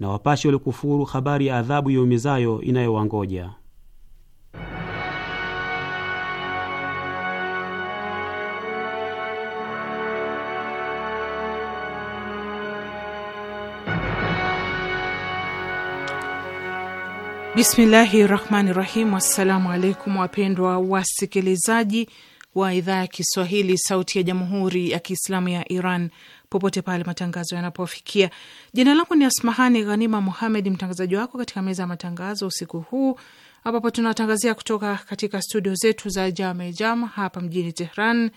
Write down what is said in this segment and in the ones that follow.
na wapashi waliokufuru habari ya adhabu yaumizayo inayowangoja. Bismillahi rahmani rahim. Assalamu alaikum wapendwa wasikilizaji wa idhaa ya Kiswahili sauti ya jamhuri ya Kiislamu ya Iran popote pale matangazo yanapofikia. Jina langu ni Asmahani Ghanima Muhamed, mtangazaji wako katika meza ya matangazo usiku huu, ambapo tunatangazia kutoka katika studio zetu za Jame Jam hapa mjini Tehran,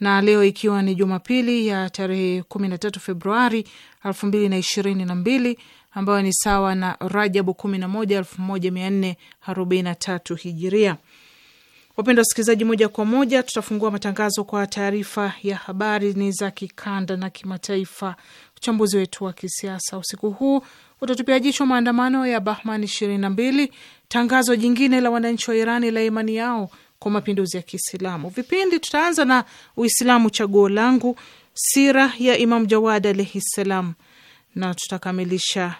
na leo ikiwa ni Jumapili ya tarehe 13 Februari 2022 ambayo ni sawa na Rajabu 11 1443 Hijiria. Wapenda wasikilizaji, moja kwa moja tutafungua matangazo kwa taarifa ya habari ni za kikanda na kimataifa. Uchambuzi wetu wa kisiasa usiku huu utatupia jicho maandamano ya Bahman mbili, tangazo jingine la wananchi wa Irani la imani yao kwa mapinduzi ya Kiislamu. Vipindi tutaanza na Uislamu chaguo langu, sira ya Imam Jawad alaihi ssalam, na tutakamilisha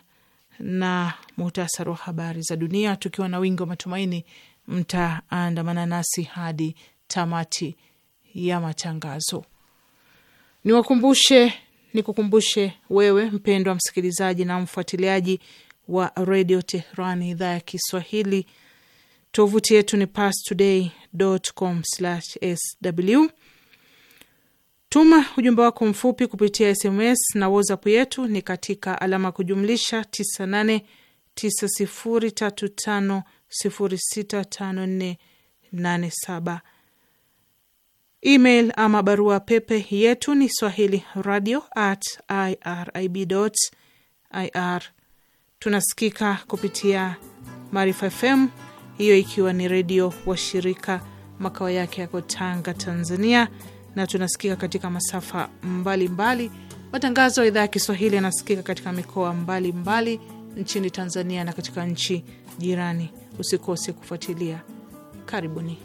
na muhtasari wa habari za dunia, tukiwa na wingi wa matumaini mtaandamana nasi hadi tamati ya matangazo. Niwakumbushe, nikukumbushe wewe mpendwa msikilizaji na mfuatiliaji wa redio Tehran idhaa ya Kiswahili. Tovuti yetu ni pastoday.com/sw. Tuma ujumbe wako mfupi kupitia SMS na WhatsApp yetu ni katika alama kujumlisha 989035 065487 email ama barua pepe yetu ni swahili radio at irib ir. Tunasikika kupitia Maarifa FM, hiyo ikiwa ni redio wa shirika makao yake yako Tanga, Tanzania, na tunasikika katika masafa mbalimbali. Matangazo ya idhaa ya Kiswahili yanasikika katika mikoa mbalimbali mbali nchini Tanzania na katika nchi jirani. Usikose kufuatilia. Karibuni.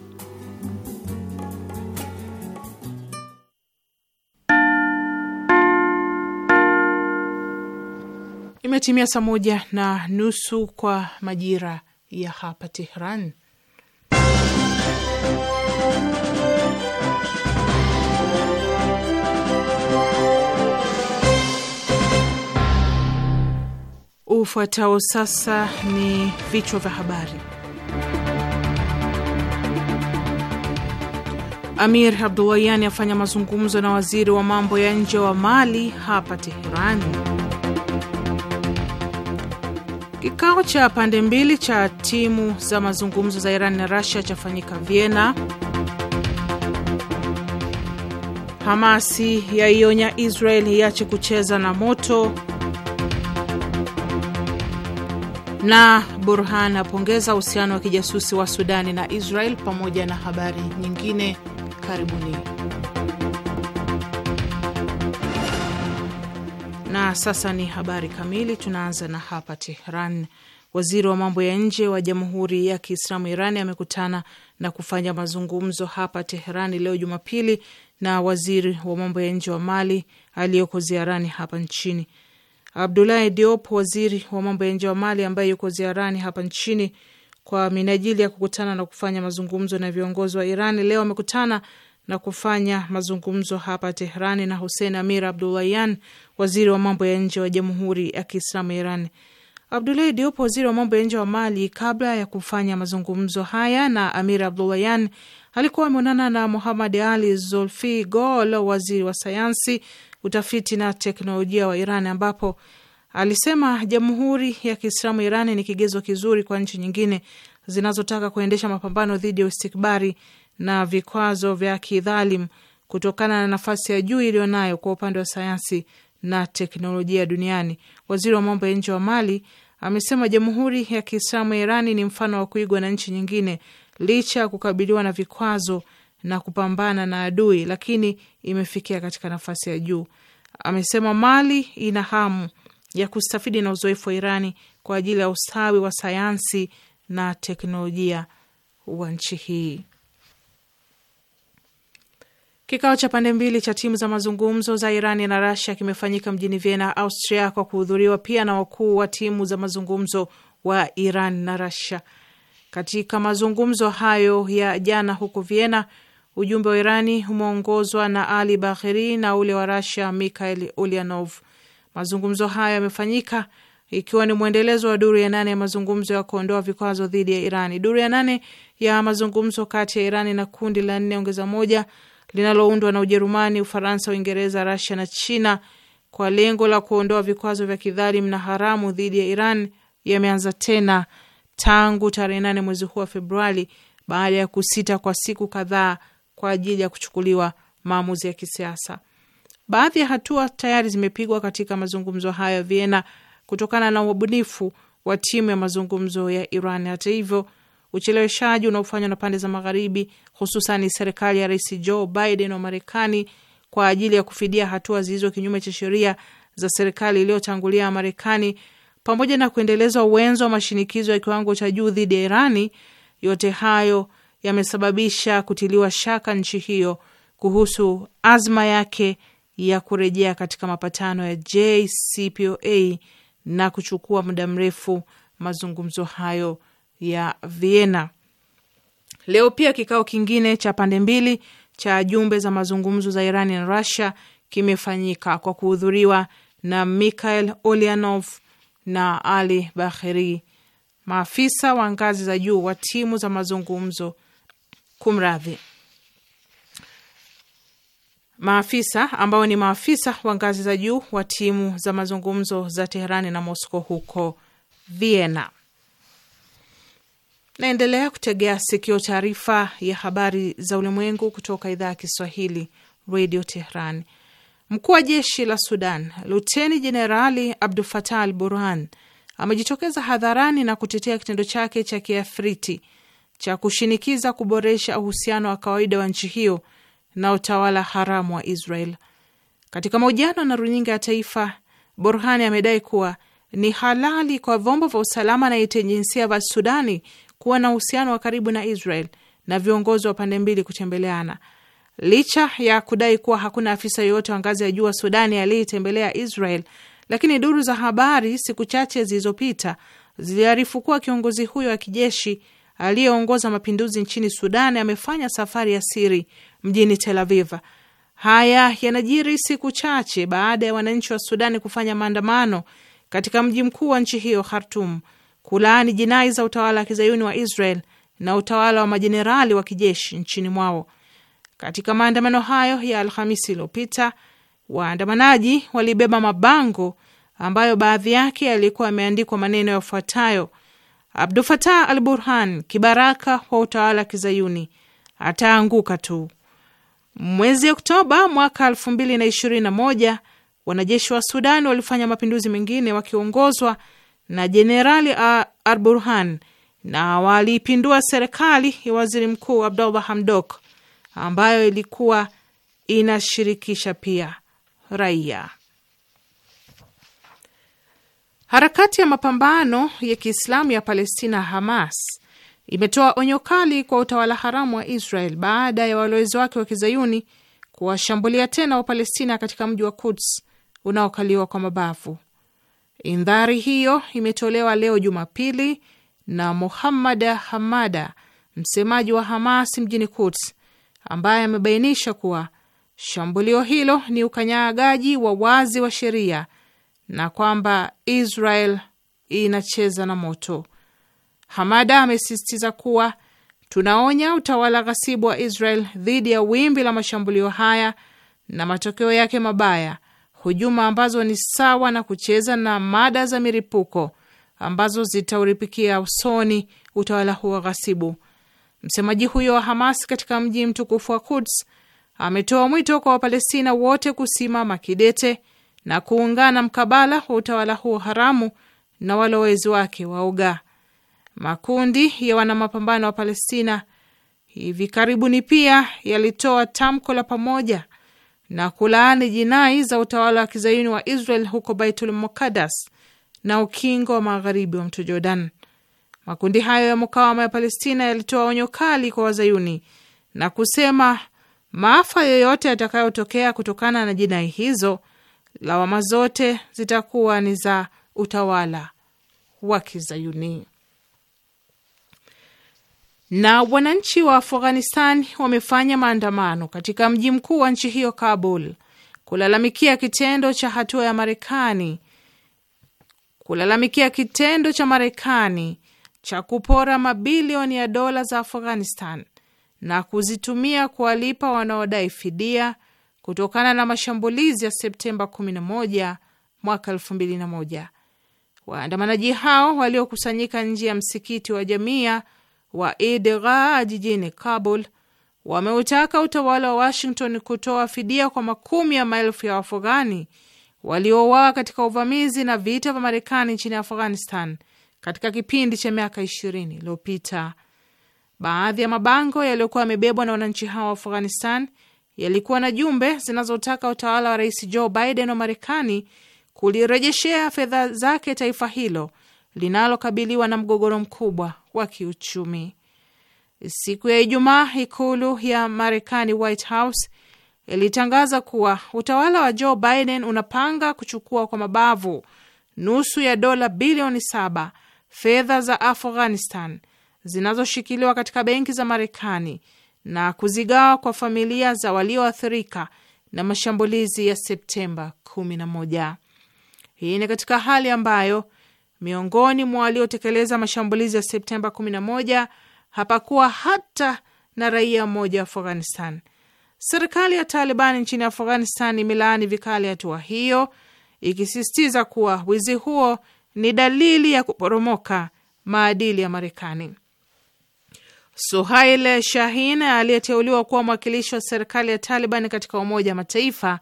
Imetimia saa moja na nusu kwa majira ya hapa Tehran Ufuatao sasa ni vichwa vya habari. Amir abdulayani afanya mazungumzo na waziri wa mambo ya nje wa Mali hapa Teherani. Kikao cha pande mbili cha timu za mazungumzo za Iran na Rasia chafanyika Vienna. Hamasi yaionya Israel iache kucheza na moto na Burhan apongeza uhusiano wa kijasusi wa Sudani na Israel pamoja na habari nyingine. Karibuni. Na sasa ni habari kamili. Tunaanza na hapa Tehran. Waziri wa mambo ya nje wa Jamhuri ya Kiislamu Irani amekutana na kufanya mazungumzo hapa Teherani leo Jumapili na waziri wa mambo ya nje wa Mali aliyoko ziarani hapa nchini. Abdulahi Diop, waziri wa mambo ya nje wa Mali ambaye yuko ziarani hapa nchini kwa minajili ya kukutana na kufanya mazungumzo na viongozi wa Iran, leo amekutana na kufanya mazungumzo hapa tehran na Hussein Amir Abdulayan, waziri wa mambo ya nje wa Jamhuri ya Kiislamu ya Iran. Abdulahi Diop, waziri wa mambo ya nje wa Mali, kabla ya kufanya mazungumzo haya na Amir Abdulayan, alikuwa ameonana na Muhamad Ali Zulfi Gol, waziri wa sayansi utafiti na teknolojia wa Iran, ambapo alisema jamhuri ya Kiislamu Iran ni kigezo kizuri kwa nchi nyingine zinazotaka kuendesha mapambano dhidi ya uistikbari na vikwazo vya kidhalim kutokana na nafasi ya juu iliyonayo kwa upande wa sayansi na teknolojia duniani. Waziri wa mambo ya nje wa Mali amesema jamhuri ya Kiislamu ya Irani ni mfano wa kuigwa na nchi nyingine licha ya kukabiliwa na vikwazo na kupambana na adui, lakini imefikia katika nafasi ya juu. Amesema Mali ina hamu ya kustafidi na uzoefu wa Irani kwa ajili ya ustawi wa sayansi na teknolojia wa nchi hii. Kikao cha pande mbili cha timu za mazungumzo za Irani na Rasia kimefanyika mjini Vienna, Austria, kwa kuhudhuriwa pia na wakuu wa timu za mazungumzo wa Iran na Rasia. Katika mazungumzo hayo ya jana huko Vienna, Ujumbe wa Irani umeongozwa na Ali Bagheri na ule wa Rasia Mikhail Ulianov. Mazungumzo hayo yamefanyika ikiwa ni mwendelezo wa duru ya nane ya mazungumzo ya kuondoa vikwazo dhidi ya Irani. Duru ya nane ya mazungumzo kati ya Irani na kundi la nne ongeza moja linaloundwa na Ujerumani, Ufaransa, Uingereza, Rasia na China kwa lengo la kuondoa vikwazo vya kidhalimu na haramu dhidi ya Iran yameanza tena tangu tarehe nane mwezi huu wa Februari baada ya kusita kwa siku kadhaa kwa ajili ya kuchukuliwa maamuzi ya kisiasa. Baadhi ya hatua tayari zimepigwa katika mazungumzo hayo viena Vienna kutokana na ubunifu wa timu ya mazungumzo ya Iran. Hata hivyo, ucheleweshaji unaofanywa na pande za Magharibi, hususan serikali ya Rais Joe Biden wa Marekani kwa ajili ya kufidia hatua zilizo kinyume cha sheria za serikali iliyotangulia ya Marekani, pamoja na kuendelezwa uwenzo wa mashinikizo ya kiwango cha juu dhidi ya Irani, yote hayo yamesababisha kutiliwa shaka nchi hiyo kuhusu azma yake ya kurejea katika mapatano ya JCPOA na kuchukua muda mrefu mazungumzo hayo ya Vienna. Leo pia kikao kingine cha pande mbili cha jumbe za mazungumzo za Irani na Russia kimefanyika kwa kuhudhuriwa na Mikhail Olianov na Ali Bakheri, maafisa wa ngazi za juu wa timu za mazungumzo Kumradhi, maafisa ambao ni maafisa wa ngazi za juu wa timu za mazungumzo za Teherani na Moscow huko Vienna. Naendelea kutegea sikio taarifa ya habari za ulimwengu kutoka idhaa ya Kiswahili Radio Tehran. Mkuu wa jeshi la Sudan Luteni Jenerali Abdul Fatah al Burhan amejitokeza hadharani na kutetea kitendo chake cha kiafriti cha kushinikiza kuboresha uhusiano wa kawaida wa nchi hiyo na utawala haramu wa Israel. Katika mahojiano na runinga ya taifa, Borhani amedai kuwa ni halali kwa vyombo vya usalama na intelijensia vya Sudani kuwa na uhusiano wa karibu na Israel na viongozi wa pande mbili kutembeleana, licha ya kudai kuwa hakuna afisa yoyote wa ngazi ya juu wa Sudani aliyetembelea Israel. Lakini duru za habari siku chache zilizopita ziliarifu kuwa kiongozi huyo wa kijeshi aliyeongoza mapinduzi nchini Sudan amefanya safari ya siri mjini Tel Aviv. Haya yanajiri siku chache baada ya wananchi wa Sudani kufanya maandamano katika mji mkuu wa nchi hiyo Khartum kulaani jinai za utawala wa kizayuni wa Israel na utawala wa majenerali wa kijeshi nchini mwao. Katika maandamano hayo ya Alhamisi iliyopita, waandamanaji walibeba mabango ambayo baadhi yake yalikuwa yameandikwa maneno yafuatayo: Abdul Fatah al Burhan, kibaraka wa utawala wa kizayuni, ataanguka tu. Mwezi Oktoba mwaka elfu mbili na ishirini na moja wanajeshi wa Sudani walifanya mapinduzi mengine wakiongozwa na Jenerali al Burhan na waliipindua serikali ya waziri mkuu Abdullah Hamdok ambayo ilikuwa inashirikisha pia raia. Harakati ya mapambano ya Kiislamu ya Palestina, Hamas, imetoa onyo kali kwa utawala haramu wa Israel baada ya walowezi wake wa kizayuni kuwashambulia tena Wapalestina katika mji wa Kuds unaokaliwa kwa mabavu. Indhari hiyo imetolewa leo Jumapili na Muhammad Hamada, msemaji wa Hamas mjini Kuds, ambaye amebainisha kuwa shambulio hilo ni ukanyagaji wa wazi wa sheria na kwamba Israel inacheza na moto. Hamada amesisitiza kuwa tunaonya utawala ghasibu wa Israel dhidi ya wimbi la mashambulio haya na matokeo yake mabaya, hujuma ambazo ni sawa na kucheza na mada za milipuko ambazo zitauripikia usoni utawala huo ghasibu. Msemaji huyo wa Hamas katika mji mtukufu wa Kuds ametoa mwito kwa Wapalestina wote kusimama kidete na kuungana mkabala wa utawala huo haramu na walowezi wake uga. Makundi ya wanamapambano wa Palestina hivi karibuni pia yalitoa tamko la pamoja na kulaani jinai za utawala wa kizayuni wa Israel huko Baitul Mukadas na ukingo wa magharibi wa mto Jordan. Makundi hayo ya mukawama ya Palestina yalitoa onyo kali kwa wazayuni na kusema maafa yoyote yatakayotokea kutokana na jinai hizo lawama zote zitakuwa ni za utawala wa Kizayuni. Na wananchi wa Afghanistan wamefanya maandamano katika mji mkuu wa nchi hiyo Kabul, kulalamikia kitendo cha hatua ya Marekani, kulalamikia kitendo cha Marekani cha kupora mabilioni ya dola za Afghanistan na kuzitumia kuwalipa wanaodai fidia kutokana na mashambulizi ya Septemba 11 mwaka 2001. Waandamanaji hao waliokusanyika nje ya msikiti wa Jamia wa Eid jijini Kabul wameutaka utawala wa Washington kutoa fidia kwa makumi ya maelfu ya Waafghani waliouawa katika uvamizi na vita vya Marekani nchini Afghanistan katika kipindi cha miaka ishirini iliyopita. Baadhi ya mabango yaliyokuwa yamebebwa na wananchi hao wa Afghanistan yalikuwa na jumbe zinazotaka utawala wa rais Joe Biden wa Marekani kulirejeshea fedha zake taifa hilo linalokabiliwa na mgogoro mkubwa wa kiuchumi. Siku ya Ijumaa, ikulu ya Marekani, White House, ilitangaza kuwa utawala wa Joe Biden unapanga kuchukua kwa mabavu nusu ya dola bilioni saba fedha za Afghanistan zinazoshikiliwa katika benki za Marekani na kuzigawa kwa familia za walioathirika na mashambulizi ya Septemba 11. Hii ni katika hali ambayo miongoni mwa waliotekeleza mashambulizi ya Septemba 11 hapakuwa hata na raia mmoja wa Afghanistan. Serikali ya Taliban nchini Afghanistan imelaani vikali hatua hiyo, ikisisitiza kuwa wizi huo ni dalili ya kuporomoka maadili ya Marekani. Suhail Shahin aliyeteuliwa kuwa mwakilishi wa serikali ya Taliban katika Umoja wa Mataifa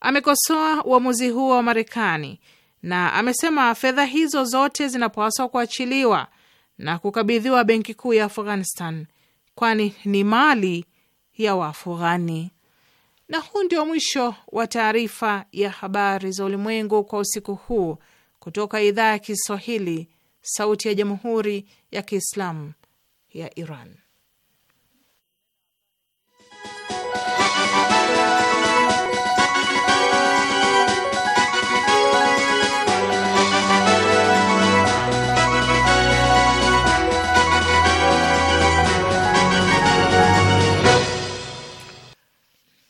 amekosoa uamuzi huo wa Marekani na amesema fedha hizo zote zinapaswa kuachiliwa na kukabidhiwa Benki Kuu ya Afghanistan kwani ni mali ya waafughani Na huu ndio mwisho wa taarifa ya habari za ulimwengu kwa usiku huu kutoka idhaa ya Kiswahili, Sauti ya Jamhuri ya Kiislamu ya Iran.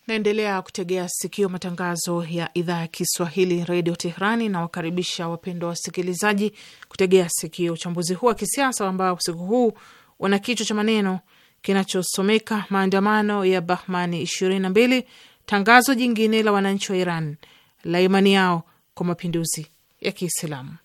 Naendelea kutegea sikio matangazo ya idhaa ya Kiswahili redio Teherani. Nawakaribisha wapendwa wasikilizaji kutegea sikio uchambuzi huu wa kisiasa ambao usiku huu wana kichwa cha maneno kinachosomeka maandamano ya Bahmani 22 tangazo jingine la wananchi wa Iran la imani yao kwa mapinduzi ya Kiislamu.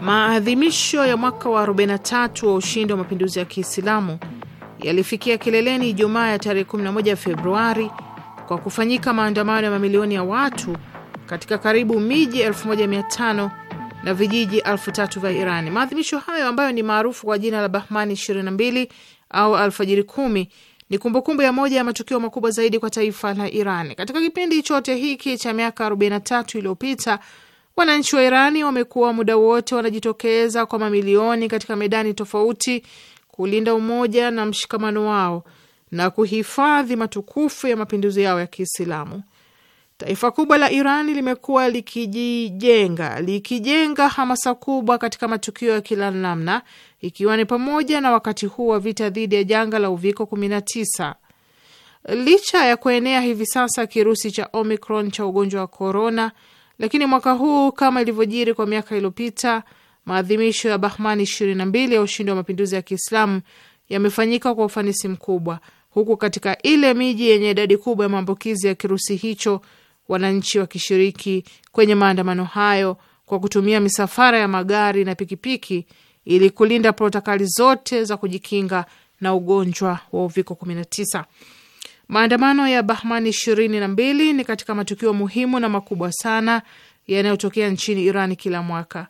Maadhimisho ya mwaka wa 43 wa ushindi wa mapinduzi ya Kiislamu yalifikia kileleni Ijumaa ya tarehe 11 Februari kwa kufanyika maandamano ya mamilioni ya watu katika karibu miji 1500 na vijiji 3000 vya Irani. Maadhimisho hayo ambayo ni maarufu kwa jina la Bahmani 22 au alfajiri kumi ni kumbukumbu ya moja ya matukio makubwa zaidi kwa taifa la Iran. Katika kipindi chote hiki cha miaka 43 iliyopita, wananchi wa Irani wamekuwa muda wote wanajitokeza kwa mamilioni katika medani tofauti kulinda umoja na mshikamano wao na kuhifadhi matukufu ya mapinduzi yao ya Kiislamu. Taifa kubwa la Iran limekuwa likijijenga likijenga hamasa kubwa katika matukio ya kila namna, ikiwa ni pamoja na wakati huu wa vita dhidi ya janga la uviko 19. Licha ya kuenea hivi sasa kirusi cha Omicron cha ugonjwa wa corona lakini mwaka huu kama ilivyojiri kwa miaka iliyopita Maadhimisho ya Bahmani 22 ya ushindi wa mapinduzi ya Kiislamu yamefanyika kwa ufanisi mkubwa, huku katika ile miji yenye idadi kubwa ya maambukizi ya kirusi hicho wananchi wakishiriki kwenye maandamano hayo kwa kutumia misafara ya magari na pikipiki ili kulinda protokali zote za kujikinga na ugonjwa wa uviko 19. Maandamano ya bahman 22 ni katika matukio muhimu na makubwa sana yanayotokea nchini Iran kila mwaka.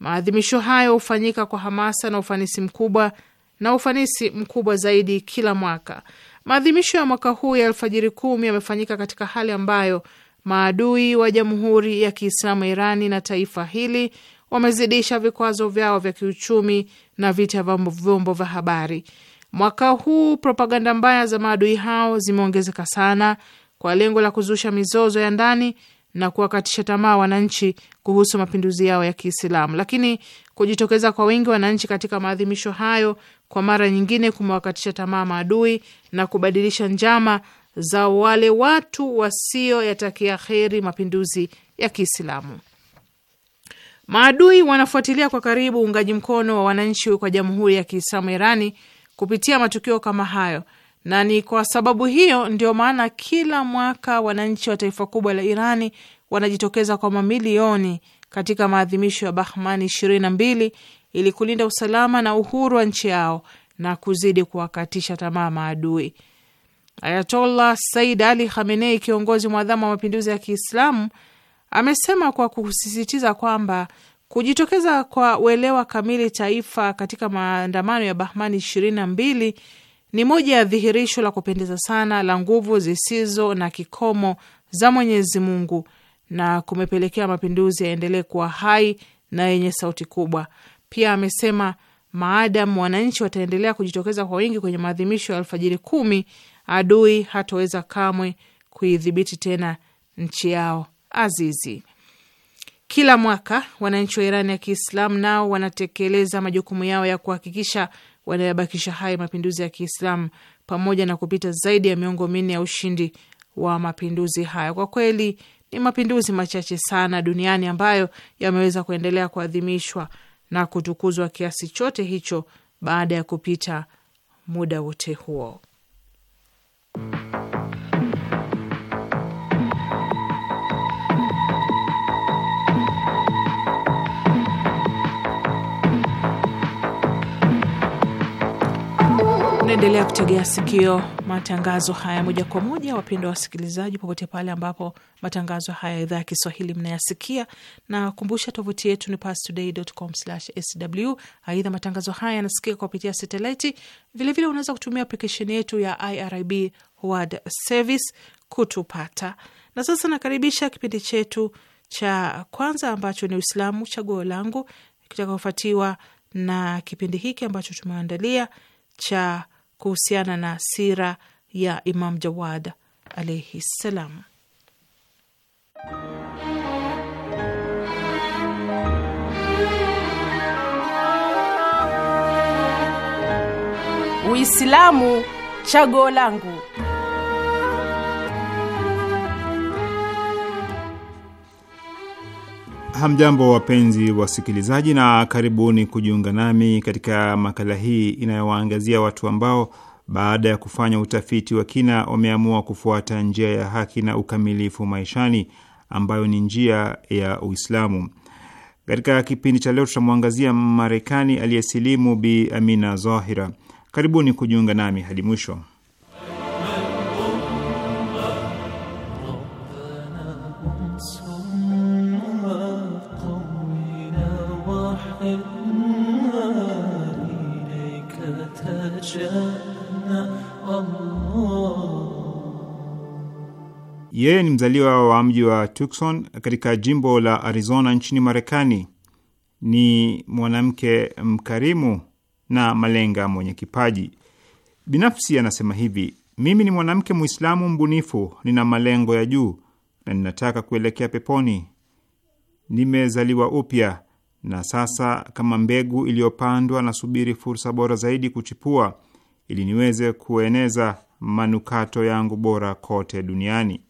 Maadhimisho hayo hufanyika kwa hamasa na ufanisi mkubwa na ufanisi mkubwa zaidi kila mwaka. Maadhimisho ya mwaka huu ya Alfajiri Kumi yamefanyika katika hali ambayo maadui wa Jamhuri ya Kiislamu Irani na taifa hili wamezidisha vikwazo vyao vya kiuchumi na vita vya vyombo vya habari. Mwaka huu propaganda mbaya za maadui hao zimeongezeka sana kwa lengo la kuzusha mizozo ya ndani na kuwakatisha tamaa wananchi kuhusu mapinduzi yao ya Kiislamu. Lakini kujitokeza kwa wingi wananchi katika maadhimisho hayo kwa mara nyingine kumewakatisha tamaa maadui na kubadilisha njama za wale watu wasioyatakia heri mapinduzi ya Kiislamu. Maadui wanafuatilia kwa karibu uungaji mkono wa wananchi kwa Jamhuri ya Kiislamu Irani kupitia matukio kama hayo na ni kwa sababu hiyo ndio maana kila mwaka wananchi wa taifa kubwa la Irani wanajitokeza kwa mamilioni katika maadhimisho ya Bahmani 22 ili kulinda usalama na uhuru wa nchi yao na kuzidi kuwakatisha tamaa maadui. Ayatollah Said Ali Khamenei, kiongozi mwadhamu wa mapinduzi ya Kiislamu, amesema kwa kusisitiza kwamba kujitokeza kwa uelewa kamili taifa katika maandamano ya Bahmani mbili ni moja ya dhihirisho la kupendeza sana la nguvu zisizo na kikomo za Mwenyezi Mungu na kumepelekea mapinduzi yaendelee kuwa hai na yenye sauti kubwa. Pia amesema maadamu wananchi wataendelea kujitokeza kwa wingi kwenye maadhimisho ya alfajiri kumi, adui hatoweza kamwe kuidhibiti tena nchi yao azizi. Kila mwaka wananchi wa Irani ya Kiislamu nao wanatekeleza majukumu yao ya kuhakikisha wanayabakisha hai mapinduzi ya Kiislamu pamoja na kupita zaidi ya miongo minne ya ushindi wa mapinduzi hayo. Kwa kweli ni mapinduzi machache sana duniani ambayo yameweza kuendelea kuadhimishwa na kutukuzwa kiasi chote hicho baada ya kupita muda wote huo. Mnaendelea kutegea sikio matangazo haya moja kwa moja, wapendwa wasikilizaji, popote pale ambapo matangazo haya idhaa ya Kiswahili mnayasikia, na kumbusha tovuti yetu ni pastoday.com/sw. Aidha, matangazo haya yanasikika kupitia satelaiti. Vilevile unaweza kutumia aplikesheni yetu ya IRIB World Service kutupata. Na sasa nakaribisha kipindi chetu cha kwanza ambacho ni Uislamu Chaguo Langu, kitakaofuatiwa na kipindi hiki ambacho tumeandalia cha kuhusiana na sira ya Imam Jawad alaihi ssalam. Uislamu chaguo langu. Hamjambo, wapenzi wasikilizaji, na karibuni kujiunga nami katika makala hii inayowaangazia watu ambao baada ya kufanya utafiti wa kina wameamua kufuata njia ya haki na ukamilifu maishani ambayo ni njia ya Uislamu. Katika kipindi cha leo tutamwangazia Marekani aliyesilimu Bi Amina Zahira. Karibuni kujiunga nami hadi mwisho. Yeye ni mzaliwa wa mji wa Tucson katika jimbo la Arizona nchini Marekani. Ni mwanamke mkarimu na malenga mwenye kipaji. Binafsi anasema hivi: mimi ni mwanamke Mwislamu mbunifu, nina malengo ya juu na ninataka kuelekea peponi. Nimezaliwa upya na sasa, kama mbegu iliyopandwa, nasubiri fursa bora zaidi kuchipua ili niweze kueneza manukato yangu bora kote duniani.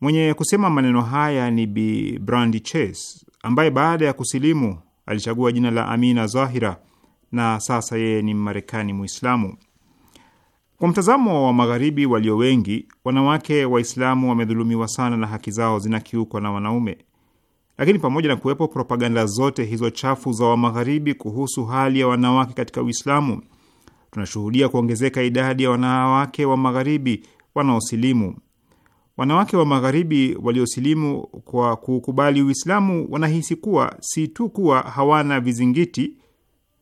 Mwenye kusema maneno haya ni Bi Brandi Chase ambaye baada ya kusilimu alichagua jina la Amina Zahira na sasa yeye ni Mmarekani Muislamu. Kwa mtazamo wa Magharibi walio wengi, wanawake Waislamu wamedhulumiwa sana na haki zao zinakiukwa na wanaume. Lakini pamoja na kuwepo propaganda zote hizo chafu za Wamagharibi kuhusu hali ya wanawake katika Uislamu, tunashuhudia kuongezeka idadi ya wanawake wa magharibi wanaosilimu. Wanawake wa magharibi waliosilimu kwa kuukubali Uislamu wanahisi kuwa si tu kuwa hawana vizingiti,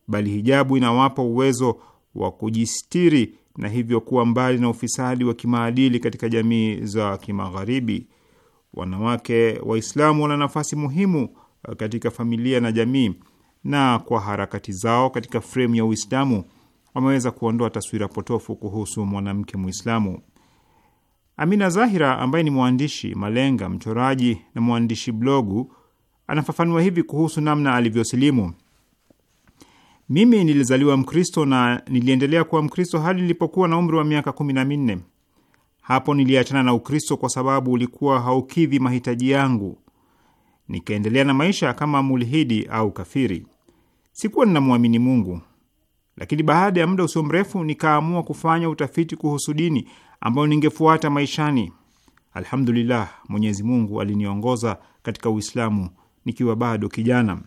bali hijabu inawapa uwezo wa kujistiri na hivyo kuwa mbali na ufisadi wa kimaadili katika jamii za kimagharibi. Wanawake Waislamu wana nafasi muhimu katika familia na jamii, na kwa harakati zao katika fremu ya Uislamu wameweza kuondoa taswira potofu kuhusu mwanamke Muislamu. Amina Zahira ambaye ni mwandishi malenga, mchoraji na mwandishi blogu, anafafanua hivi kuhusu namna alivyosilimu: mimi nilizaliwa Mkristo na niliendelea kuwa Mkristo hadi nilipokuwa na umri wa miaka kumi na minne. Hapo niliachana na Ukristo kwa sababu ulikuwa haukidhi mahitaji yangu. Nikaendelea na maisha kama mulhidi au kafiri. Sikuwa ninamwamini Mungu lakini baada ya muda usio mrefu nikaamua kufanya utafiti kuhusu dini ambayo ningefuata maishani. Alhamdulillah, Mwenyezi Mungu aliniongoza katika Uislamu nikiwa bado kijana.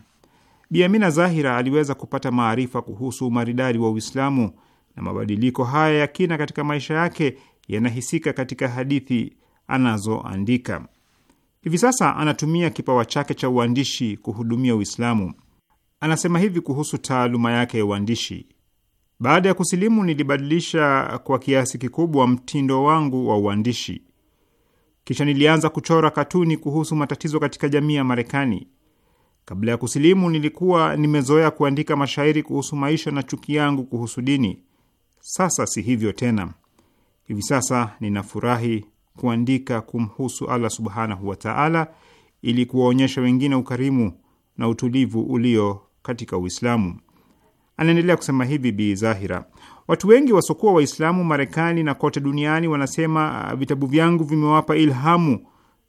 Bi Amina Zahira aliweza kupata maarifa kuhusu umaridadi wa Uislamu, na mabadiliko haya ya kina katika maisha yake yanahisika katika hadithi anazoandika. Hivi sasa anatumia kipawa chake cha uandishi kuhudumia Uislamu. Anasema hivi kuhusu taaluma yake ya uandishi: baada ya kusilimu nilibadilisha kwa kiasi kikubwa mtindo wangu wa uandishi. Kisha nilianza kuchora katuni kuhusu matatizo katika jamii ya Marekani. Kabla ya kusilimu nilikuwa nimezoea kuandika mashairi kuhusu maisha na chuki yangu kuhusu dini. Sasa si hivyo tena. Hivi sasa ninafurahi kuandika kumhusu Allah subhanahu wa taala, ili kuwaonyesha wengine ukarimu na utulivu ulio katika Uislamu. Anaendelea kusema hivi Bi Zahira: watu wengi wasokuwa Waislamu Marekani na kote duniani wanasema ah, vitabu vyangu vimewapa ilhamu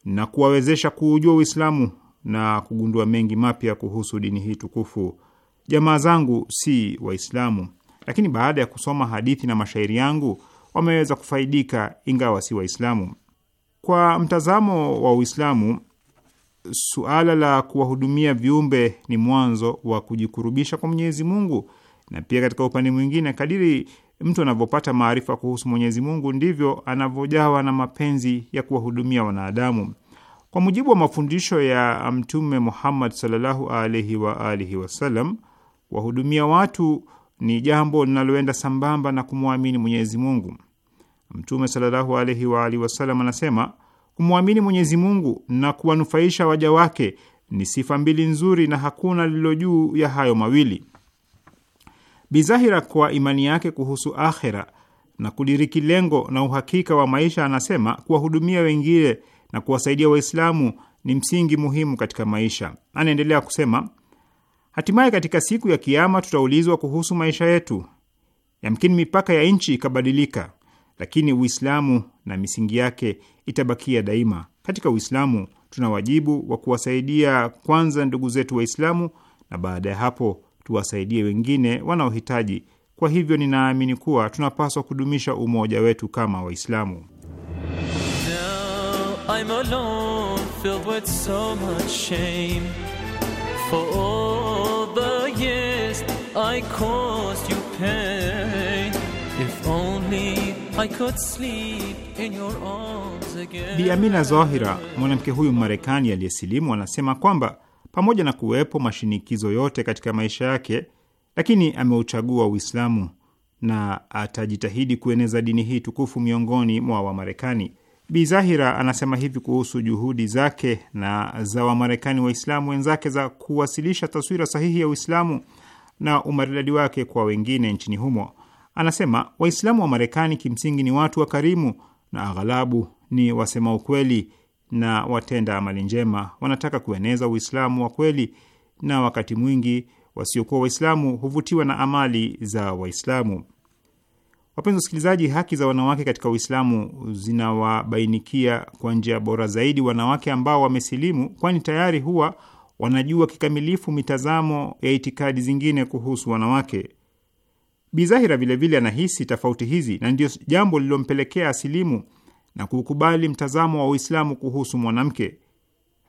na kuwawezesha kuujua Uislamu na kugundua mengi mapya kuhusu dini hii tukufu. Jamaa zangu si Waislamu, lakini baada ya kusoma hadithi na mashairi yangu wameweza kufaidika, ingawa si Waislamu. Kwa mtazamo wa Uislamu, suala la kuwahudumia viumbe ni mwanzo wa kujikurubisha kwa Mwenyezi Mungu na pia katika upande mwingine, kadiri mtu anavyopata maarifa kuhusu Mwenyezi Mungu ndivyo anavyojawa na mapenzi ya kuwahudumia wanadamu. Kwa mujibu wa mafundisho ya Mtume Muhammad sallallahu alaihi wa alihi wasallam, kuwahudumia watu ni jambo linaloenda sambamba na kumwamini Mwenyezi Mungu. Mtume sallallahu alaihi wa alihi wasallam anasema, kumwamini Mwenyezi Mungu na kuwanufaisha waja wake ni sifa mbili nzuri, na hakuna lililo juu ya hayo mawili bidhahira kwa imani yake kuhusu akhera na kudiriki lengo na uhakika wa maisha, anasema kuwahudumia wengine na kuwasaidia Waislamu ni msingi muhimu katika maisha. Anaendelea kusema, hatimaye katika siku ya Kiama tutaulizwa kuhusu maisha yetu. Yamkini mipaka ya nchi ikabadilika, lakini Uislamu na misingi yake itabakia daima. Katika Uislamu tuna wajibu wa kuwasaidia kwanza ndugu zetu Waislamu na baada ya hapo tuwasaidie wengine wanaohitaji. Kwa hivyo ninaamini kuwa tunapaswa kudumisha umoja wetu kama Waislamu. Bi Amina Zahira, mwanamke huyu marekani aliyesilimu, anasema kwamba pamoja na kuwepo mashinikizo yote katika maisha yake, lakini ameuchagua Uislamu na atajitahidi kueneza dini hii tukufu miongoni mwa Wamarekani. Bi Zahira anasema hivi kuhusu juhudi zake na za Wamarekani Waislamu wenzake za kuwasilisha taswira sahihi ya Uislamu na umaridadi wake kwa wengine nchini humo. Anasema Waislamu wa Marekani kimsingi ni watu wakarimu na aghalabu ni wasema ukweli na watenda amali njema. Wanataka kueneza Uislamu wa kweli, na wakati mwingi wasiokuwa Waislamu huvutiwa na amali za Waislamu. Wapenzi wasikilizaji, haki za wanawake katika Uislamu zinawabainikia kwa njia bora zaidi wanawake ambao wamesilimu, kwani tayari huwa wanajua kikamilifu mitazamo ya itikadi zingine kuhusu wanawake. Bizahira vilevile anahisi tofauti hizi na ndiyo jambo lililompelekea asilimu na kuukubali mtazamo wa Uislamu kuhusu mwanamke.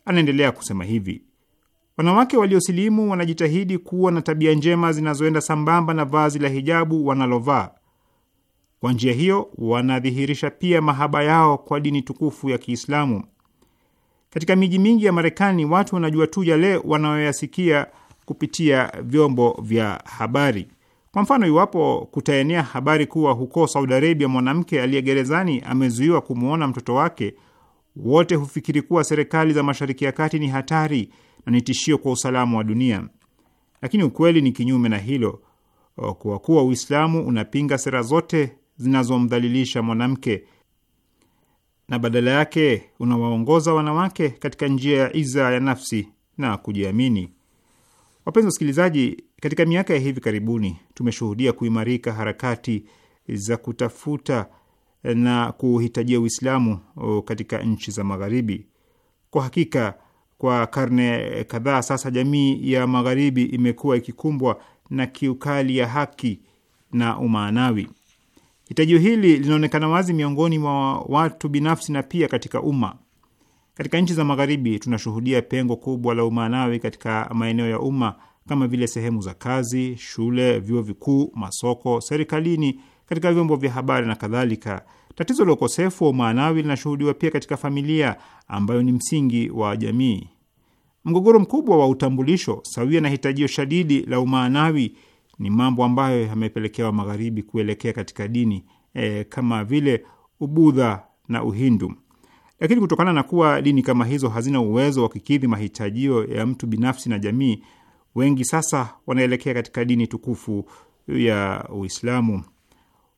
Anaendelea kusema hivi: wanawake waliosilimu wanajitahidi kuwa na tabia njema zinazoenda sambamba na vazi la hijabu wanalovaa. Kwa njia hiyo wanadhihirisha pia mahaba yao kwa dini tukufu ya Kiislamu. Katika miji mingi ya Marekani watu wanajua tu yale wanayoyasikia kupitia vyombo vya habari. Kwa mfano, iwapo kutaenea habari kuwa huko Saudi Arabia mwanamke aliye gerezani amezuiwa kumwona mtoto wake, wote hufikiri kuwa serikali za Mashariki ya Kati ni hatari na ni tishio kwa usalama wa dunia, lakini ukweli ni kinyume na hilo, kwa kuwa Uislamu unapinga sera zote zinazomdhalilisha mwanamke na badala yake unawaongoza wanawake katika njia ya iza ya nafsi na kujiamini. Wapenzi wasikilizaji, katika miaka ya hivi karibuni tumeshuhudia kuimarika harakati za kutafuta na kuhitajia Uislamu katika nchi za Magharibi. Kwa hakika, kwa karne kadhaa sasa, jamii ya Magharibi imekuwa ikikumbwa na kiukali ya haki na umaanawi. Hitajio hili linaonekana wazi miongoni mwa watu binafsi na pia katika umma. Katika nchi za Magharibi tunashuhudia pengo kubwa la umaanawi katika maeneo ya umma kama vile sehemu za kazi, shule, vyuo vikuu, masoko, serikalini, katika vyombo vya habari na kadhalika. Tatizo la ukosefu wa umaanawi linashuhudiwa pia katika familia ambayo ni msingi wa jamii. Mgogoro mkubwa wa utambulisho sawia na hitajio shadidi la umaanawi ni mambo ambayo yamepelekewa Magharibi kuelekea katika dini e, kama vile Ubudha na Uhindu. Lakini kutokana na kuwa dini kama hizo hazina uwezo wa kikidhi mahitajio ya mtu binafsi na jamii, wengi sasa wanaelekea katika dini tukufu ya Uislamu.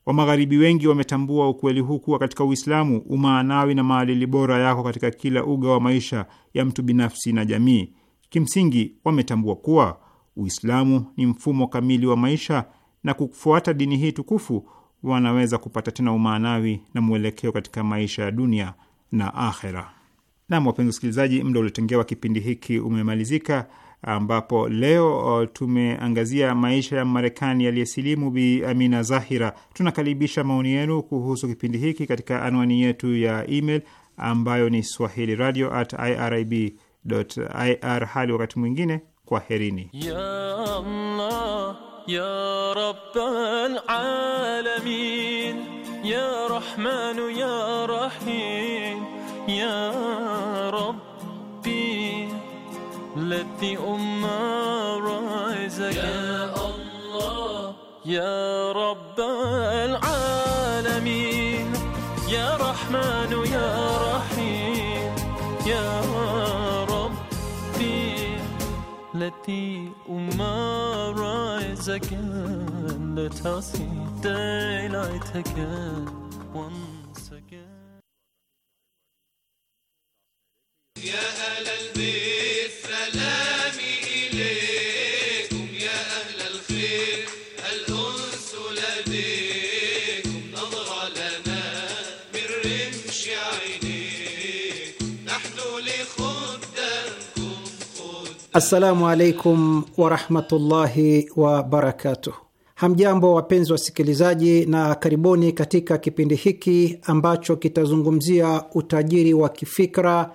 Wamagharibi wengi wametambua ukweli huu kuwa katika Uislamu umaanawi na maadili bora yako katika kila uga wa maisha ya mtu binafsi na jamii. Kimsingi, wametambua kuwa Uislamu ni mfumo kamili wa maisha na kufuata dini hii tukufu wanaweza kupata tena umaanawi na mwelekeo katika maisha ya dunia na akhera. Nam, wapenzi wasikilizaji, mda uliotengewa kipindi hiki umemalizika ambapo leo uh, tumeangazia maisha ya Marekani aliyesilimu Bi Amina Zahira. Tunakaribisha maoni yenu kuhusu kipindi hiki katika anwani yetu ya email ambayo ni swahili radio at irib ir. Hali wakati mwingine, kwaherini ya Allah, ya Rabbal alamin, ya Rahmanu, ya Rahim, ya Let the Ummah rise again. Ya Allah, Ya Rabb al-Alamin, Ya Rahman, Ya Rahim, Ya Rabbi. Let the Ummah rise again. Let us see daylight again. One Assalamu alaikum warahmatullahi wabarakatuh. Hamjambo wapenzi wasikilizaji, na karibuni katika kipindi hiki ambacho kitazungumzia utajiri wa kifikra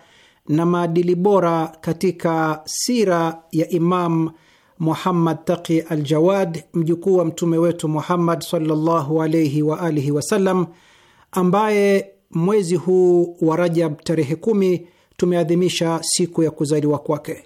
na maadili bora katika sira ya Imam Muhammad Taqi al-Jawad, mjukuu wa mtume wetu Muhammad sallallahu alaihi wa alihi wasallam, ambaye mwezi huu wa Rajab tarehe kumi tumeadhimisha siku ya kuzaliwa kwake.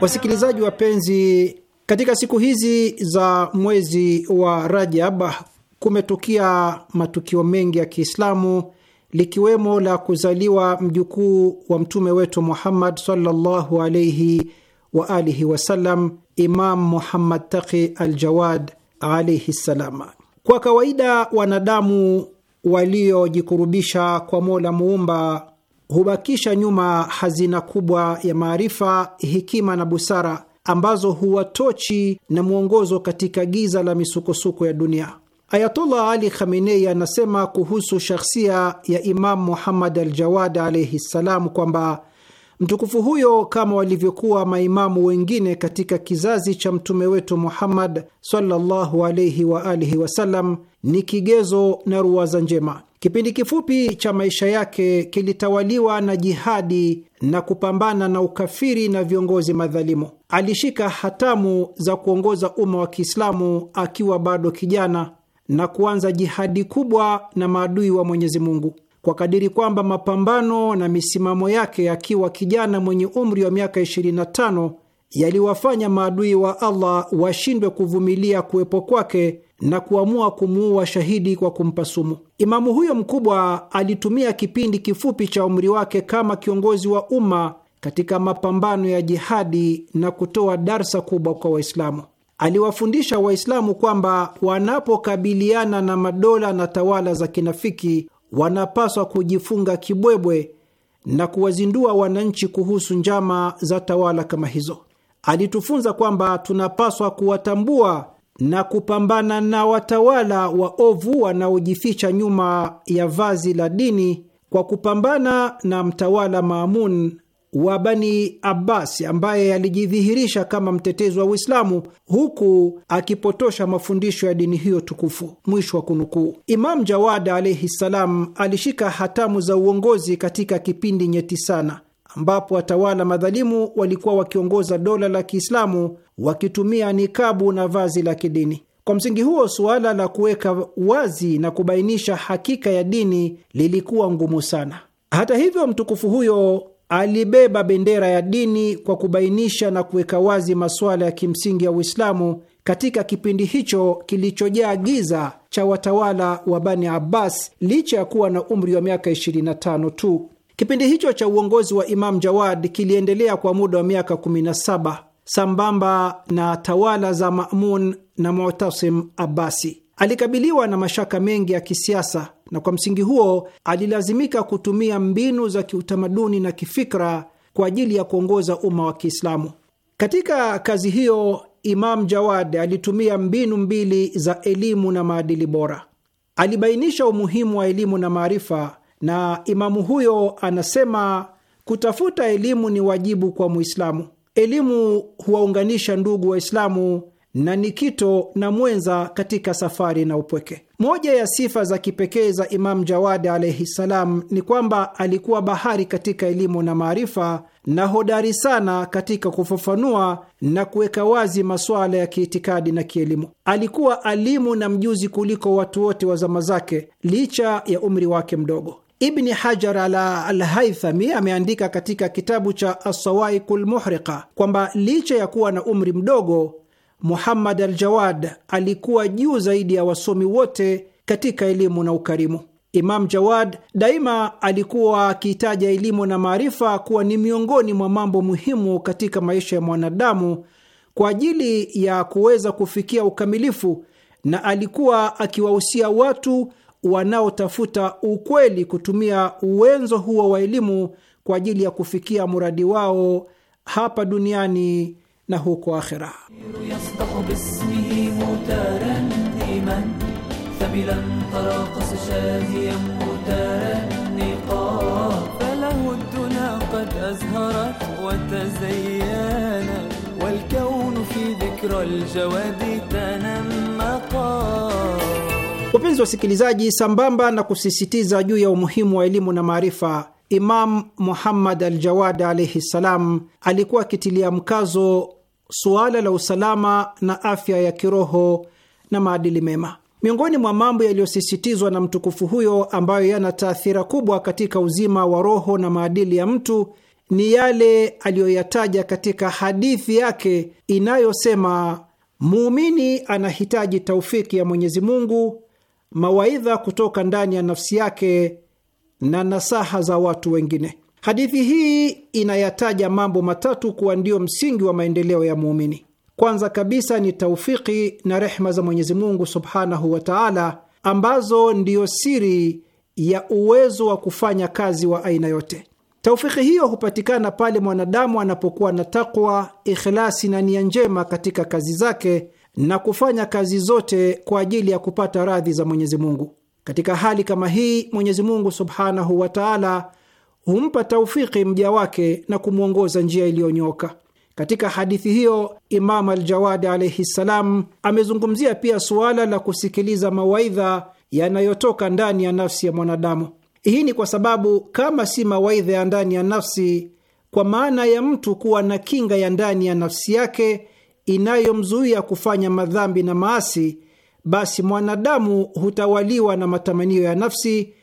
Wasikilizaji wapenzi, katika siku hizi za mwezi wa Rajab kumetukia matukio mengi ya Kiislamu likiwemo la kuzaliwa mjukuu wa mtume wetu Muhammad sallallahu alaihi wa alihi wasallam, Imam Muhammad Taqi al Jawad alaihi ssalam. Kwa kawaida wanadamu waliojikurubisha kwa Mola Muumba hubakisha nyuma hazina kubwa ya maarifa, hekima na busara ambazo huwatochi na mwongozo katika giza la misukosuko ya dunia. Ayatullah Ali Khamenei anasema kuhusu shakhsia ya Imamu Muhammad al Jawad alaihi ssalam kwamba mtukufu huyo kama walivyokuwa maimamu wengine katika kizazi cha mtume wetu Muhammad sallallahu alaihi waalihi ni kigezo na ruwaza njema. Kipindi kifupi cha maisha yake kilitawaliwa na jihadi na kupambana na ukafiri na viongozi madhalimu. Alishika hatamu za kuongoza umma wa Kiislamu akiwa bado kijana na kuanza jihadi kubwa na maadui wa Mwenyezi Mungu, kwa kadiri kwamba mapambano na misimamo yake akiwa kijana mwenye umri wa miaka 25 yaliwafanya maadui wa Allah washindwe kuvumilia kuwepo kwake na kuamua kumuua shahidi kwa kumpa sumu. Imamu huyo mkubwa alitumia kipindi kifupi cha umri wake kama kiongozi wa umma katika mapambano ya jihadi na kutoa darsa kubwa kwa Waislamu. Aliwafundisha Waislamu kwamba wanapokabiliana na madola na tawala za kinafiki, wanapaswa kujifunga kibwebwe na kuwazindua wananchi kuhusu njama za tawala kama hizo. Alitufunza kwamba tunapaswa kuwatambua na kupambana na watawala wa ovu wanaojificha nyuma ya vazi la dini kwa kupambana na mtawala Maamun wa Bani Abbas ambaye alijidhihirisha kama mtetezi wa Uislamu huku akipotosha mafundisho ya dini hiyo tukufu. Mwisho wa kunukuu. Imam Jawad alaihi ssalam alishika hatamu za uongozi katika kipindi nyeti sana ambapo watawala madhalimu walikuwa wakiongoza dola la Kiislamu wakitumia nikabu na vazi la kidini. Kwa msingi huo, suala la kuweka wazi na kubainisha hakika ya dini lilikuwa ngumu sana. Hata hivyo, mtukufu huyo alibeba bendera ya dini kwa kubainisha na kuweka wazi masuala ya kimsingi ya Uislamu katika kipindi hicho kilichojaa giza cha watawala wa Bani Abbas licha ya kuwa na umri wa miaka 25 tu. Kipindi hicho cha uongozi wa Imam Jawad kiliendelea kwa muda wa miaka 17 sambamba na tawala za Mamun na Mutasim Abbasi. Alikabiliwa na mashaka mengi ya kisiasa na kwa msingi huo alilazimika kutumia mbinu za kiutamaduni na kifikra kwa ajili ya kuongoza umma wa Kiislamu. Katika kazi hiyo, Imam Jawad alitumia mbinu mbili za elimu na maadili bora. Alibainisha umuhimu wa elimu na maarifa na imamu huyo anasema kutafuta elimu ni wajibu kwa Muislamu. Elimu huwaunganisha ndugu Waislamu na ni kito na mwenza katika safari na upweke. Moja ya sifa za kipekee za Imamu Jawadi alaihi ssalam ni kwamba alikuwa bahari katika elimu na maarifa na hodari sana katika kufafanua na kuweka wazi masuala ya kiitikadi na kielimu. Alikuwa alimu na mjuzi kuliko watu wote wa zama zake, licha ya umri wake mdogo. Ibni Hajar ala Alhaithami ameandika katika kitabu cha Asawaiqul Lmuhriqa kwamba licha ya kuwa na umri mdogo, Muhammad al Jawad alikuwa juu zaidi ya wasomi wote katika elimu na ukarimu. Imam Jawad daima alikuwa akiitaja elimu na maarifa kuwa ni miongoni mwa mambo muhimu katika maisha ya mwanadamu kwa ajili ya kuweza kufikia ukamilifu, na alikuwa akiwahusia watu wanaotafuta ukweli kutumia uwenzo huo wa elimu kwa ajili ya kufikia muradi wao hapa duniani na huko akhera. Wapenzi wasikilizaji, sambamba na kusisitiza juu ya umuhimu wa elimu na maarifa, Imam Muhammad al-Jawad alaihi ssalam alikuwa akitilia mkazo suala la usalama na afya ya kiroho na maadili mema. Miongoni mwa mambo yaliyosisitizwa na mtukufu huyo ambayo yana taathira kubwa katika uzima wa roho na maadili ya mtu ni yale aliyoyataja katika hadithi yake inayosema, muumini anahitaji taufiki ya Mwenyezi Mungu mawaidha kutoka ndani ya nafsi yake na nasaha za watu wengine. Hadithi hii inayataja mambo matatu kuwa ndio msingi wa maendeleo ya muumini. Kwanza kabisa ni taufiki na rehma za Mwenyezi Mungu subhanahu wa taala, ambazo ndiyo siri ya uwezo wa kufanya kazi wa aina yote. Taufiki hiyo hupatikana pale mwanadamu anapokuwa na takwa, ikhlasi na nia njema katika kazi zake na kufanya kazi zote kwa ajili ya kupata radhi za Mwenyezi Mungu. Katika hali kama hii, Mwenyezi Mungu subhanahu wa taala humpa taufiki mja wake na kumwongoza njia iliyonyoka. Katika hadithi hiyo, Imamu Aljawadi alaihi ssalam amezungumzia pia suala la kusikiliza mawaidha yanayotoka ndani ya nafsi ya mwanadamu. Hii ni kwa sababu kama si mawaidha ya ndani ya nafsi, kwa maana ya mtu kuwa na kinga ya ndani ya nafsi yake inayomzuia kufanya madhambi na maasi, basi mwanadamu hutawaliwa na matamanio ya nafsi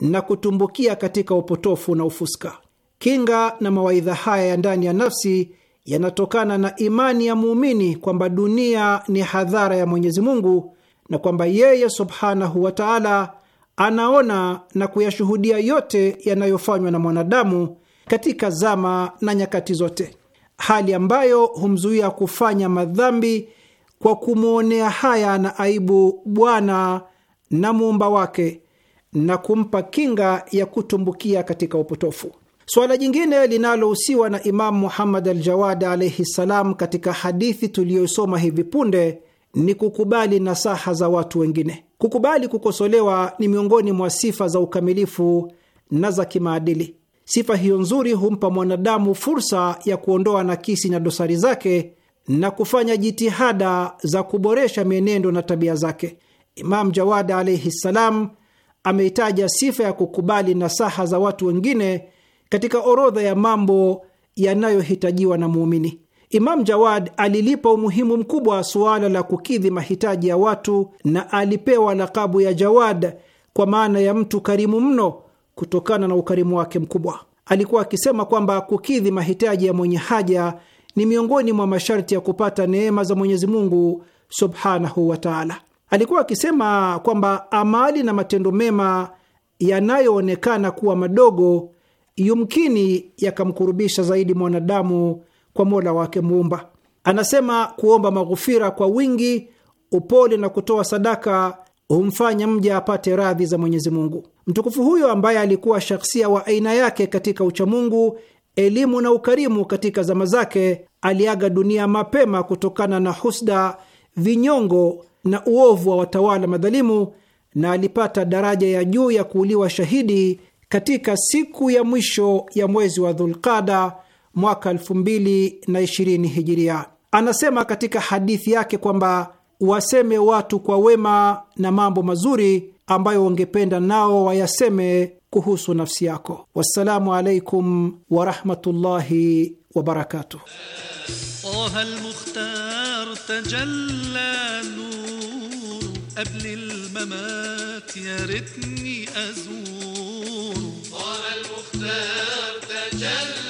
na kutumbukia katika upotofu na ufuska. Kinga na mawaidha haya ya ndani ya nafsi yanatokana na imani ya muumini kwamba dunia ni hadhara ya Mwenyezi Mungu na kwamba yeye subhanahu wa taala anaona na kuyashuhudia yote yanayofanywa na mwanadamu katika zama na nyakati zote hali ambayo humzuia kufanya madhambi kwa kumwonea haya na aibu Bwana na muumba wake na kumpa kinga ya kutumbukia katika upotofu. Suala jingine linalohusiwa na Imamu Muhammad al Aljawad alaihi ssalam katika hadithi tuliyosoma hivi punde ni kukubali nasaha za watu wengine. Kukubali kukosolewa ni miongoni mwa sifa za ukamilifu na za kimaadili. Sifa hiyo nzuri humpa mwanadamu fursa ya kuondoa nakisi na dosari zake na kufanya jitihada za kuboresha mienendo na tabia zake. Imam Jawad alaihi ssalam ameitaja sifa ya kukubali nasaha za watu wengine katika orodha ya mambo yanayohitajiwa na muumini. Imam Jawad alilipa umuhimu mkubwa suala la kukidhi mahitaji ya watu na alipewa lakabu ya Jawad kwa maana ya mtu karimu mno kutokana na ukarimu wake mkubwa. Alikuwa akisema kwamba kukidhi mahitaji ya mwenye haja ni miongoni mwa masharti ya kupata neema za Mwenyezi Mungu subhanahu wa taala. Alikuwa akisema kwamba amali na matendo mema yanayoonekana kuwa madogo yumkini yakamkurubisha zaidi mwanadamu kwa Mola wake Muumba. Anasema kuomba maghufira kwa wingi, upole na kutoa sadaka humfanya mja apate radhi za Mwenyezi Mungu. Mtukufu huyo ambaye alikuwa shakhsia wa aina yake katika uchamungu, elimu na ukarimu katika zama zake, aliaga dunia mapema kutokana na husda, vinyongo na uovu wa watawala madhalimu, na alipata daraja ya juu ya kuuliwa shahidi katika siku ya mwisho ya mwezi wa Dhulqada mwaka 2020 hijiria. Anasema katika hadithi yake kwamba waseme watu kwa wema na mambo mazuri ambayo ungependa nao wayaseme kuhusu nafsi yako. Wassalamu alaikum warahmatullahi wabarakatuh. قبل الممات يا ريتني أزور طه المختار تجلى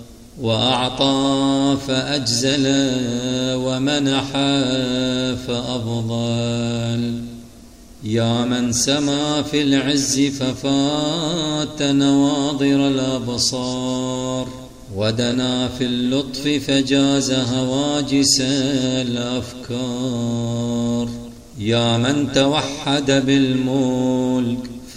وأعطى فأجزل ومنح فأفضل يا من سما في العز ففات نواظر الأبصار ودنا في اللطف فجاز هواجس الأفكار يا من توحد بالملك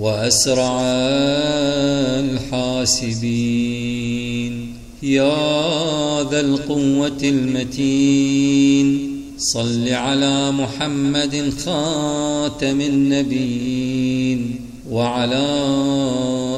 وأسرع الحاسبين يا ذا القوة المتين صل على محمد خاتم النبيين وعلى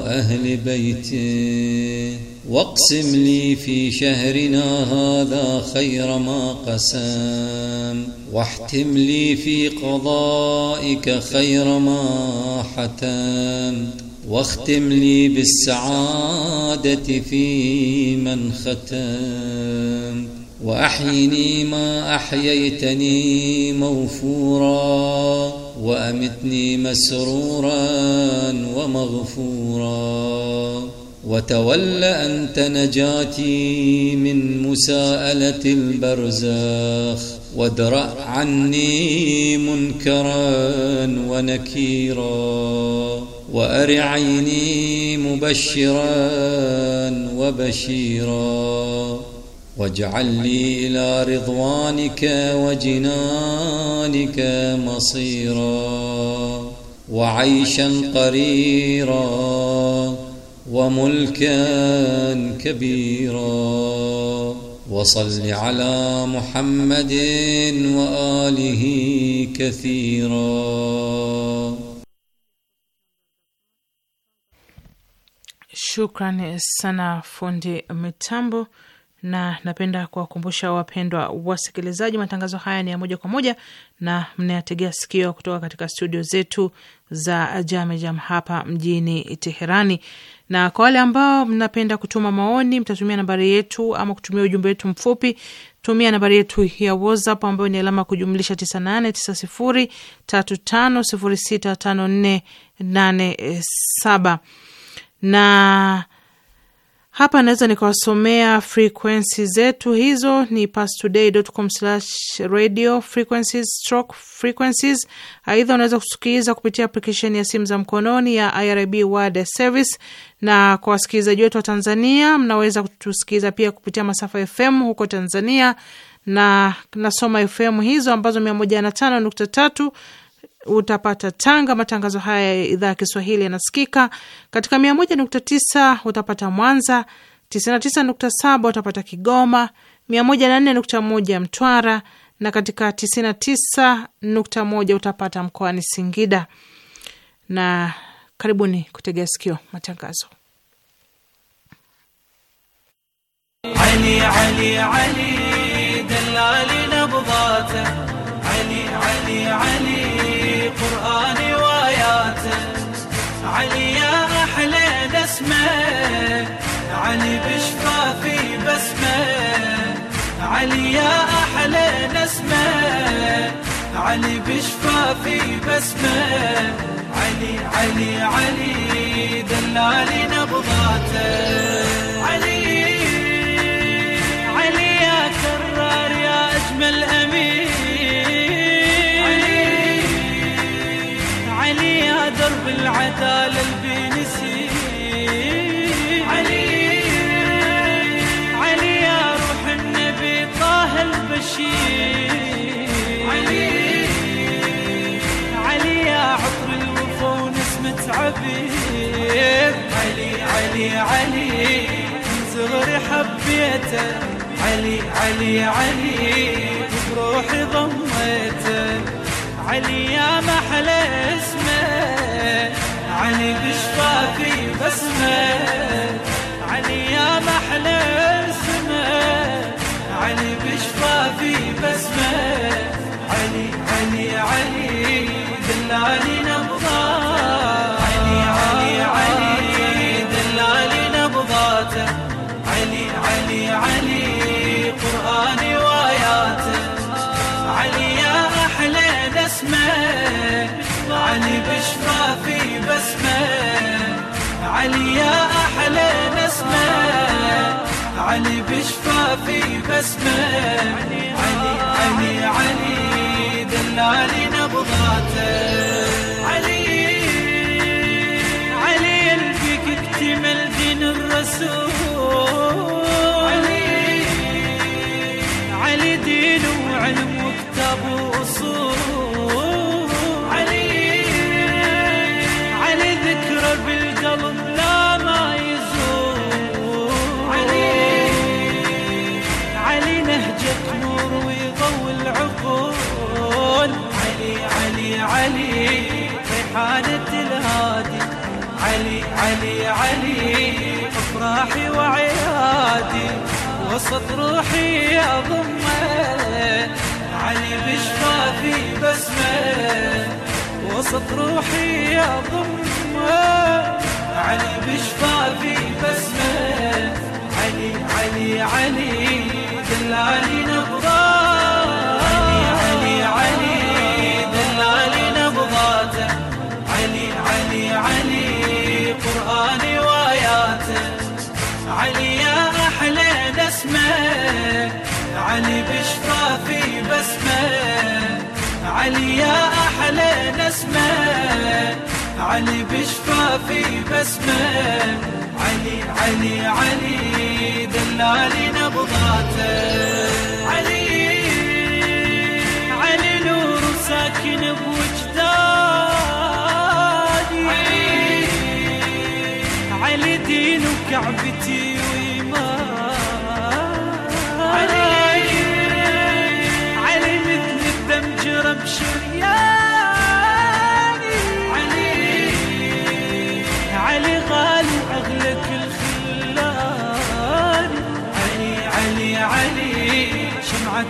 أهل بيته واقسم لي في شهرنا هذا خير ما قسم واحتم لي في قضائك خير ما حتم واختم لي بالسعادة في من ختم وأحيني ما أحييتني موفورا وأمتني مسرورا ومغفورا وتول أنت نجاتي من مساءلة البرزخ وادرأ عني منكرا ونكيرا وأر عيني مبشرا وبشيرا واجعل لي إلى رضوانك وجنانك مصيرا وعيشا قريرا وملكا كبيرا وصل على محمد وآله كثيرا شكرا sana fundi mitambo, na napenda kuwakumbusha wapendwa wasikilizaji, matangazo haya ni ya moja kwa moja na mnayategea sikio kutoka katika studio zetu za Jamejam hapa mjini Teherani na kwa wale ambao mnapenda kutuma maoni, mtatumia nambari yetu ama kutumia ujumbe wetu mfupi. Tumia nambari yetu ya WhatsApp ambayo ni alama kujumlisha 989035065487 eh, na hapa naweza nikawasomea frequency zetu, hizo ni pastoday.com radio frequencies stroke frequencies. Aidha, unaweza kusikiliza kupitia aplikesheni ya simu za mkononi ya IRIB World Service, na kwa wasikilizaji wetu wa Tanzania mnaweza kutusikiliza pia kupitia masafa FM huko Tanzania na nasoma FM hizo ambazo mia moja na tano nukta tatu utapata Tanga. Matangazo haya ya idhaa ya Kiswahili yanasikika katika 101.9. Utapata Mwanza 99.7, utapata Kigoma 104.1, Mtwara na katika 99.1 utapata mkoani Singida. Na karibuni kutegea sikio matangazo Ali, Ali, Ali. علي يعني بشفافي بسمة علي يا أحلى نسمة علي بشفافي بسمة علي علي علي دلالي نبضاته علي علي يا كرار يا أجمل أمين علي علي يا درب العدالة علي علي يا ونسمة عبيد علي علي علي من صغري حبيته علي علي علي بروحي ضميته علي يا محلى اسمه علي بشفاكي بسمه علي يا محلى اسمه علي بشفافي بسمة علي علي علي دلالي نبضات علي علي علي دلالي نبضاته علي علي علي قرآن وآياته علي يا أحلى نسمة علي بشفافي بسمة علي يا أحلى نسمة علي بشفافي بسمه علي علي علي دلالي نبضاته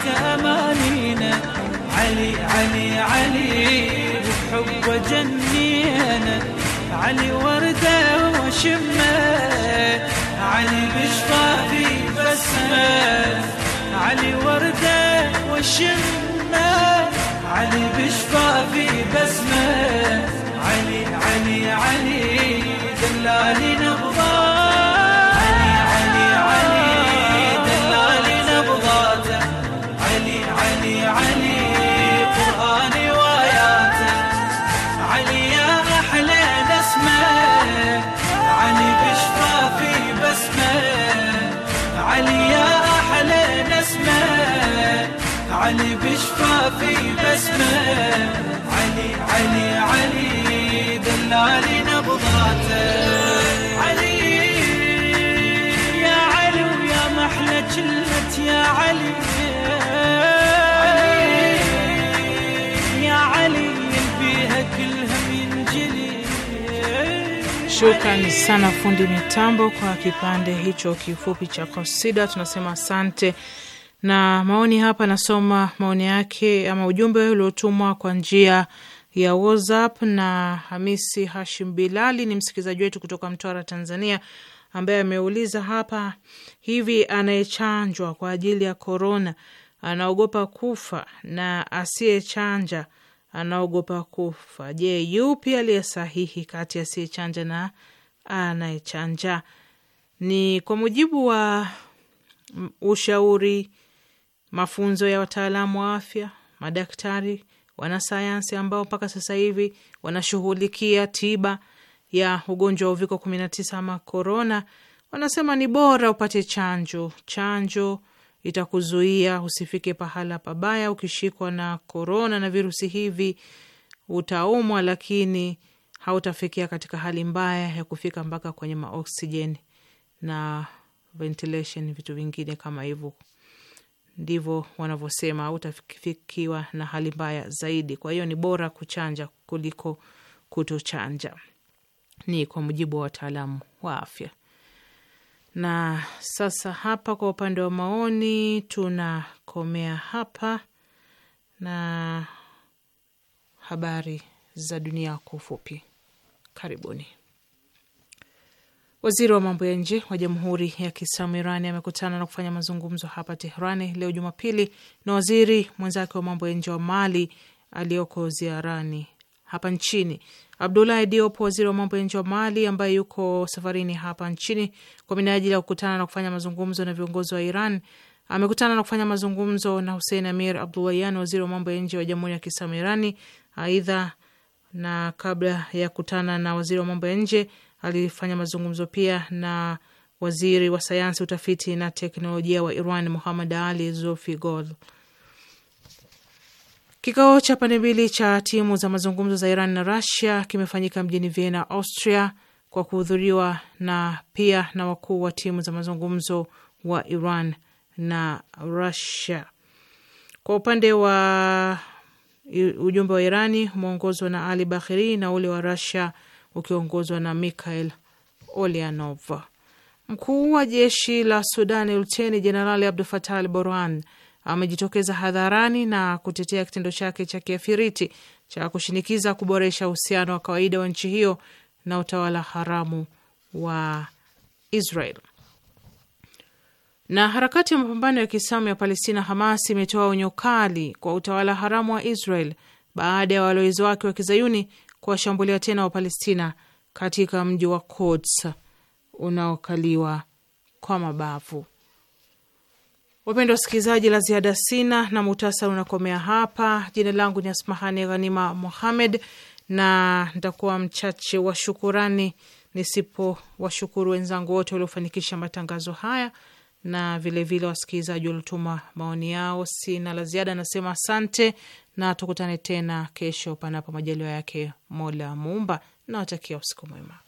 امانينا علي علي علي بحبه جنينا علي ورده وشمه علي بشفافي بسمه علي ورده وشمه علي بشفافي بسمه علي علي علي دلالي نبض أنا بشفافي بسمة علي علي علي دلالي نبضاته علي يا علي ويا محلى جلت يا علي يا علي Shukrani sana fundi mitambo kwa kipande hicho kifupi cha kosida. Tunasema asante. na maoni hapa. Nasoma maoni yake ama ujumbe uliotumwa kwa njia ya WhatsApp na Hamisi Hashim Bilali, ni msikilizaji wetu kutoka Mtwara, Tanzania, ambaye ameuliza hapa hivi: anayechanjwa kwa ajili ya korona anaogopa kufa na asiyechanja anaogopa kufa. Je, yupi aliye sahihi kati ya asiyechanja na anayechanja? Ni kwa mujibu wa ushauri mafunzo ya wataalamu wa afya, madaktari, wanasayansi ambao mpaka sasa hivi wanashughulikia tiba ya ugonjwa wa uviko 19 ama korona, wanasema ni bora upate chanjo. Chanjo itakuzuia usifike pahala pabaya. Ukishikwa na korona na virusi hivi utaumwa, lakini hautafikia katika hali mbaya ya kufika mpaka kwenye maoksijeni na ventilation, vitu vingine kama hivyo ndivyo wanavyosema, utafikiwa na hali mbaya zaidi. Kwa hiyo ni bora kuchanja kuliko kutochanja, ni kwa mujibu wa wataalamu wa afya. Na sasa hapa kwa upande wa maoni tunakomea hapa na habari za dunia kwa ufupi. Karibuni. Waziri wa mambo ya nje wa Jamhuri ya Kiislamu Irani amekutana na kufanya mazungumzo hapa Tehrani leo Jumapili na waziri mwenzake wa mambo ya nje wa Mali aliyoko ziarani hapa nchini. Abdulahi Diop, waziri wa mambo ya nje wa Mali ambaye yuko safarini hapa nchini kwa minajili ya kukutana na kufanya mazungumzo na viongozi wa Iran, amekutana na kufanya mazungumzo na Husein Amir Abdullahian, waziri wa mambo ya nje wa Jamhuri ya Kiislamu Irani. Aidha, na kabla ya kutana na waziri wa mambo ya nje alifanya mazungumzo pia na waziri wa sayansi, utafiti na teknolojia wa Iran, Muhammad Ali gol Kikao cha pande mbili cha timu za mazungumzo za Iran na Rasia kimefanyika mjini Vienna, Austria, kwa kuhudhuriwa na pia na wakuu wa timu za mazungumzo wa Iran na rusia Kwa upande wa ujumbe wa Irani umeongozwa na Ali Bakhiri na ule wa Rasia ukiongozwa na Mikhail Olianov. Mkuu wa jeshi la Sudani Luteni Jenerali abdu Fatah Al boran amejitokeza hadharani na kutetea kitendo chake cha kiafiriti cha kushinikiza kuboresha uhusiano wa kawaida wa nchi hiyo na utawala haramu wa Israel. Na harakati ya mapambano ya Kiislamu ya Palestina Hamas imetoa onyo kali kwa utawala haramu wa Israel baada ya walowezi wake wa kizayuni kuwashambulia tena Wapalestina katika mji wa Quds unaokaliwa kwa mabavu. Wapendwa wasikilizaji, la ziada sina na muhtasari unakomea hapa. Jina langu ni Asmahani Ghanima muhamed na nitakuwa mchache wa shukurani nisipo washukuru wenzangu wote waliofanikisha matangazo haya na vilevile wasikilizaji waliotuma maoni yao. Sina la ziada, nasema asante na tukutane tena kesho, panapo majaliwa yake Mola Muumba, na watakia usiku mwema.